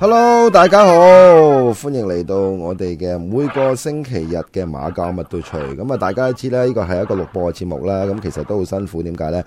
Hello，大家好，歡迎嚟到我哋嘅每個星期日嘅馬交乜都吹，咁啊，大家都知咧呢個係一個錄播嘅節目啦，咁其實都好辛苦，點解呢？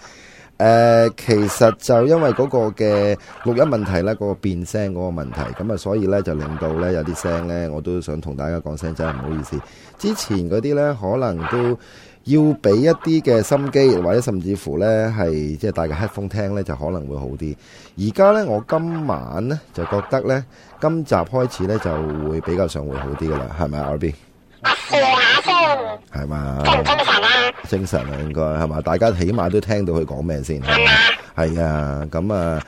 誒，其實就因為嗰個嘅錄音問題呢嗰、嗰個變聲嗰個問題，咁啊，所以呢，就令到呢有啲聲呢，我都想同大家講聲真係唔好意思，之前嗰啲呢可能都。要俾一啲嘅心機，或者甚至乎咧係即係戴個 headphone 聽咧，就可能會好啲。而家咧，我今晚咧就覺得咧，今集開始咧就會比較上會好啲噶啦，係咪啊？阿 B，我試下先，係嘛？精唔精神啊？精神啊，應該係嘛？大家起碼都聽到佢講咩先，係啊，咁啊。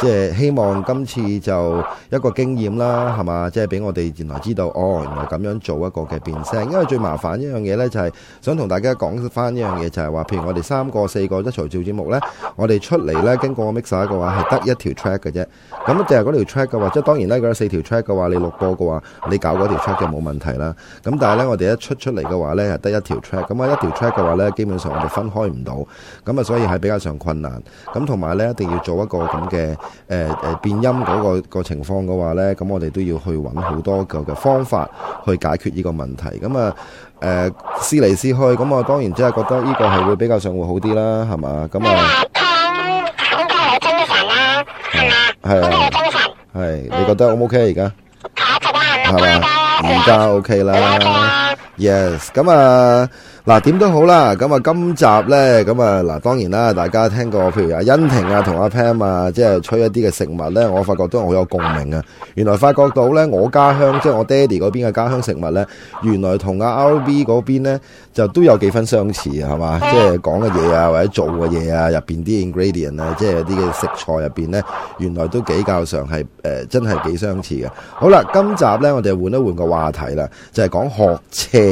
即係希望今次就一個經驗啦，係嘛？即係俾我哋原來知道，哦，原來咁樣做一個嘅變聲。因為最麻煩一樣嘢呢，就係想同大家講翻一樣嘢，就係話，譬如我哋三個、四個一齊做節目呢，我哋出嚟呢，經過 mixer 嘅話係得一條 track 嘅啫。咁就係嗰條 track 嘅話，即係當然呢嗰四條 track 嘅話，你錄播嘅話，你搞嗰條 track 就冇問題啦。咁但係呢，我哋一出出嚟嘅話呢，係得一條 track。咁啊，一條 track 嘅話呢，基本上我哋分開唔到。咁啊，所以係比較上困難。咁同埋呢，一定要做一個咁嘅。誒誒，變音嗰個個情況嘅話咧，咁我哋都要去揾好多個嘅方法去解決呢個問題。咁啊，誒，試嚟試去，咁我當然即係覺得呢個係會比較上會好啲啦，係嘛？咁啊，應該係正常啦，係啊，係啊，係。你覺得 O 唔 OK 而家？係嘛？而家 OK 啦，Yes。咁啊。嗱，點都好啦，咁啊，今集呢，咁啊，嗱，當然啦，大家聽過譬如阿恩婷啊同阿 Pam 啊，即係吹一啲嘅食物呢，我發覺都好有共鳴啊。原來發覺到呢，我家鄉即係我爹哋嗰邊嘅家鄉食物呢，原來同阿 R&B 嗰邊呢，就都有幾分相似，係嘛？即係講嘅嘢啊，或者做嘅嘢啊，入邊啲 ingredient 啊，即係啲嘅食材入邊呢，原來都比較上係誒，真係幾相似嘅。好啦，今集呢，我哋換一換個話題啦，就係、是、講學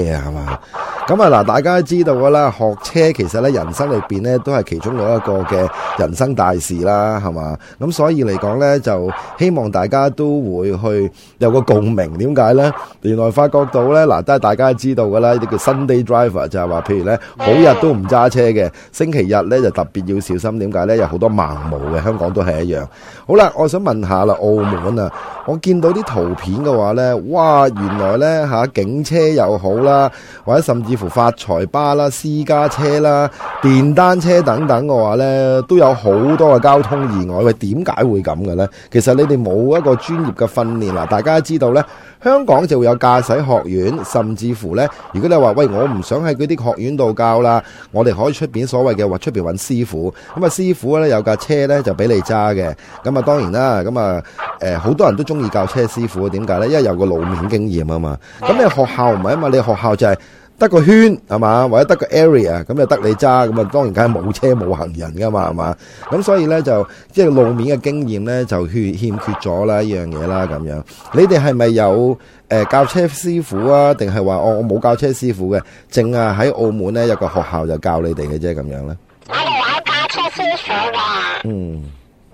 車啊，係嘛？咁啊嗱，大家知道噶啦，學車其實咧，人生裏邊咧都係其中有一個嘅人生大事啦，係嘛？咁所以嚟講咧，就希望大家都會去有個共鳴。點解咧？原來發覺到咧，嗱，都係大家知道噶啦，呢啲叫 Sunday Driver，就係話，譬如咧，好日都唔揸車嘅，星期日咧就特別要小心。點解咧？有好多盲毛嘅，香港都係一樣。好啦，我想問，問下啦，澳門啊，我見到啲圖片嘅話咧，哇，原來咧吓警車又好啦，或者甚至。似乎發財巴啦，私家車啦，電單車等等嘅話呢，都有好多嘅交通意外。喂，點解會咁嘅呢？其實你哋冇一個專業嘅訓練啦。大家知道呢，香港就會有駕駛學院，甚至乎呢，如果你話喂，我唔想喺嗰啲學院度教啦，我哋可以出邊所謂嘅話，出邊揾師傅。咁啊，師傅呢有架車呢，就俾你揸嘅。咁啊，當然啦，咁啊，誒，好多人都中意教車師傅。點解呢？因為有個路面經驗啊嘛。咁你學校唔係因為，你學校就係，是。得個圈係嘛，或者得個 area 咁就得你揸，咁啊當然梗係冇車冇行人噶嘛，係嘛？咁所以咧就即係路面嘅經驗咧就缺欠缺咗啦，依樣嘢啦咁樣。你哋係咪有誒教車師傅啊？定係話我我冇教車師傅嘅，淨係喺澳門咧有個學校就教你哋嘅啫咁樣咧。我哋有教車師傅嘅，嗯，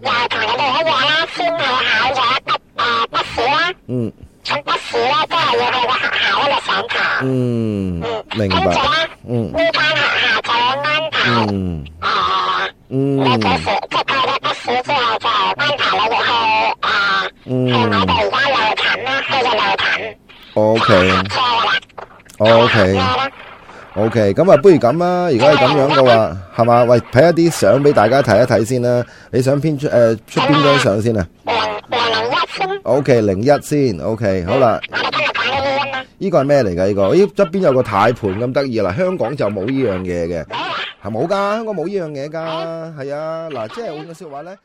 又係同人哋一樣啦，先考咗個筆試啦，嗯。巴士咧，即係要喺個學校咧上堂。嗯，明白。嗯，啲間學校就安排。嗯，誒，你平時即係嗰啲巴士即係就安排你去誒，係我哋而家路診啦，去嘅路診。O K，O K，O K，咁啊，不如咁啊。如果係咁樣嘅話，係嘛？喂，睇一啲相俾大家睇一睇先啦。你想邊出誒出邊張相先啊？O K 零一先，O K 好啦，呢、 這個係咩嚟噶？呢、這個咦側邊有個太盤咁得意啦，香港就冇呢樣嘢嘅，係冇噶，香港冇呢樣嘢噶，係啊，嗱即係換個說話咧。